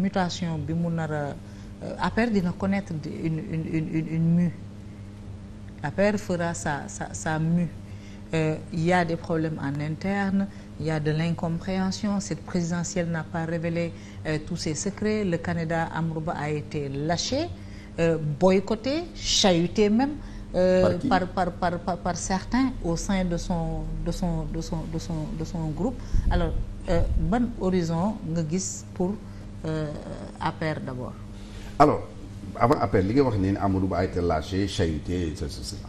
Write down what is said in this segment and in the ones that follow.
mutation bi mu nar a euh, APR dina connaître une une une une une mue APR fera sa sa sa euh, des problèmes en interne il de l'incompréhension cette présidentielle n'a pas révélé euh, tous ses secrets le candidat Amadou Ba a été lâché euh, boycotté chahuté même euh, par, par par par par certains au sein de son de son de son de son de son groupe alors euh, horizon nga gis pour Euh, APR d'abord. alors avant APR li nga wax ne Amadou Ba a été lâché chahuté ceci cela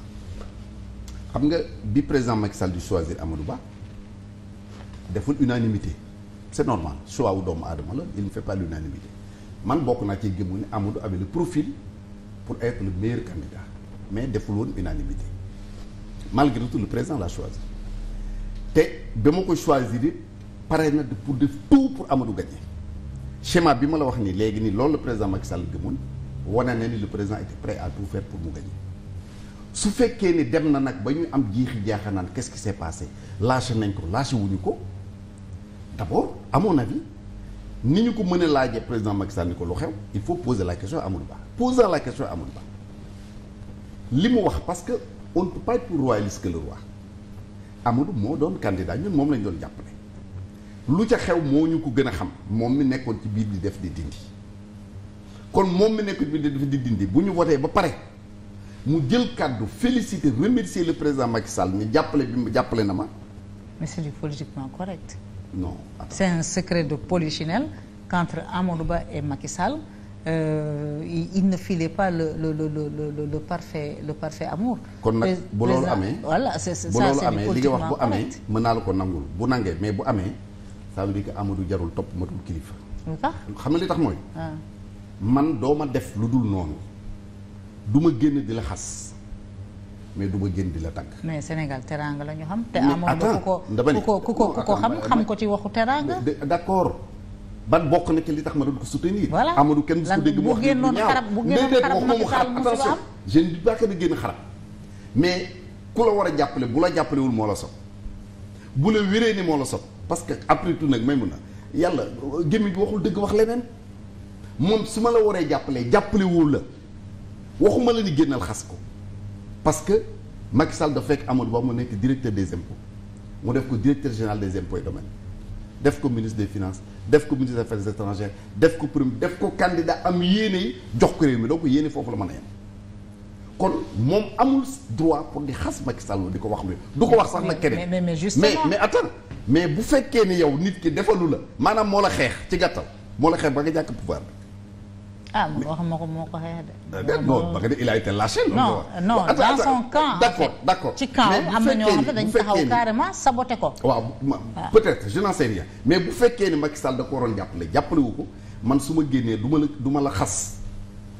xam nga bi président Macky Sall di choisir Amadou Ba deful unanimité c'est normal choix wu doomu aadama la il ne fait pas l'unanimité man bokk naa ci gëmu ne Amadou avait le profil pour être le meilleur mais deful woon unanimité malgré tout le président l'a choisi te ba ma ko choisir pare na pour def tout pour Amadou gagner schéma bi ma la wax nii léegi nii loolu le président Macky Sall gëmoon wane na ni le président était prêt à tout faire pour mu gagner su fekkee ni dem na nag ba ñu am jiixi jaaxa naan qu'est-ce qui s'est passé lâché nañ ko lâché wuñu ko d'abord à mon avis ni ñu ko mën a laajee président Macky Sall ni ko lu xew il faut poser la question à Amadou Ba posant la question à Amadou Ba li mu wax parce que on ne peut pas être plus royaliste que roi Amadou moo doon candidat ñun moom lañ doon jàppale. lu ca xew moo ñu ko gën a xam moom mi nekkoon ci biir di def di dindi kon moom mi nekkoon ci biir di def di dindi bu ñu wotee ba pare mu jël kàddu féliciter remercier le président Macky Sall jàppale bi mu jàppale na ma. mais c'est du politiquement correct. non attends. c'est un secret de polichinelle qu'entre Amadou Ba et Macky Sall euh, il ne filait pas le le le le le le parfait le parfait amour. kon nag bu loolu amee. voilà c'est ça c'est amee li nga wax bu amee mën naa la ko nangul bu nangee mais bu amee. ça veut dire que Amadou jarul topp matul kilifa. xam nga li tax mooy. Ah. man doo ma def lu dul noonu du ma génn di la xas mais du ma génn di la tàgg. mais Sénégal teraanga la ñu xam. te Amadou ku ko ku ko ku ko xam xam ko ci waxu teraanga. d'accord ban bokk na ci li tax ma doon ko soutenir. voilà Amadou kenn su ko dégg mu wax. bu génnoon xarab bu génnoon xarab mu génn xarab mais ku la war a jàppale bu la jàppalewul moo la sopp bu la wéree ni moo la sopp parce que après tout nag may mun na yàlla gémmiñ bi waxul dëgg wax leneen moom su ma la waree jàppalee jàppale wul la waxuma la ni génnal xas ko parce que Macky Sall dafa fekk Amadou Ba mu nekk directeur des impôts mu def ko directeur général des impôts et domaines def ko ministre des finance def ko ministre des affaires étrangères def ko premier def ko candidat am yéene jox ko réew mi ko yéene foofu la mën a yem kon moom amul droit pour di xas Macky Sall di ko wax lu du ko wax sax nag keneen mais mais mais mais mais bu fekkee ni yow nit ki defalu la maanaam moo la xeex ci gàttal moo la xeex ba nga jàkk pouvoir bi. Ah, ko moo ko xeex de. non ba nga ne il a été lâché. non non dans son camp. d'accord d'accord ci camp am na ñoo xam ne dañu taxaw carrément saboté ko. waaw ah. peut-être je n'en sais mais bu fekkee ni Macky Sall da ko waroon jàppale jàppale wu ko man su ma génnee du ma la du la xas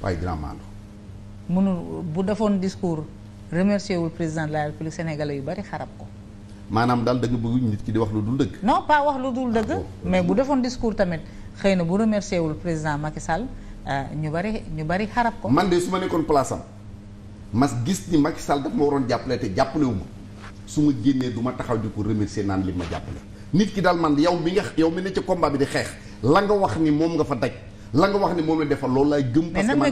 waaye dinaa maandu. mënul bu defoon discours remercier wu président de la république sénégalais yu bari xarab ko. maanaam daal dëgg nga bëgg nit ki di wax lu dul dëgg. non pas wax lu dul ah, dëgg. mais bu defoon discours tamit xëy na bu remercier wul président Macky Sall euh, ñu bari ñu bari xarab ko. man de su ma nekkoon place am mas gis ni Macky Sall daf ma waroon jàppale te jàppale wu su ma génnee du ma taxaw di ko remercier naan li ma jàppale. nit ki daal man yow mi nga yow mi ne ci combat bi di xeex la nga wax ni moom nga fa daj la nga wax ni moom defal loolu laay gëm. parce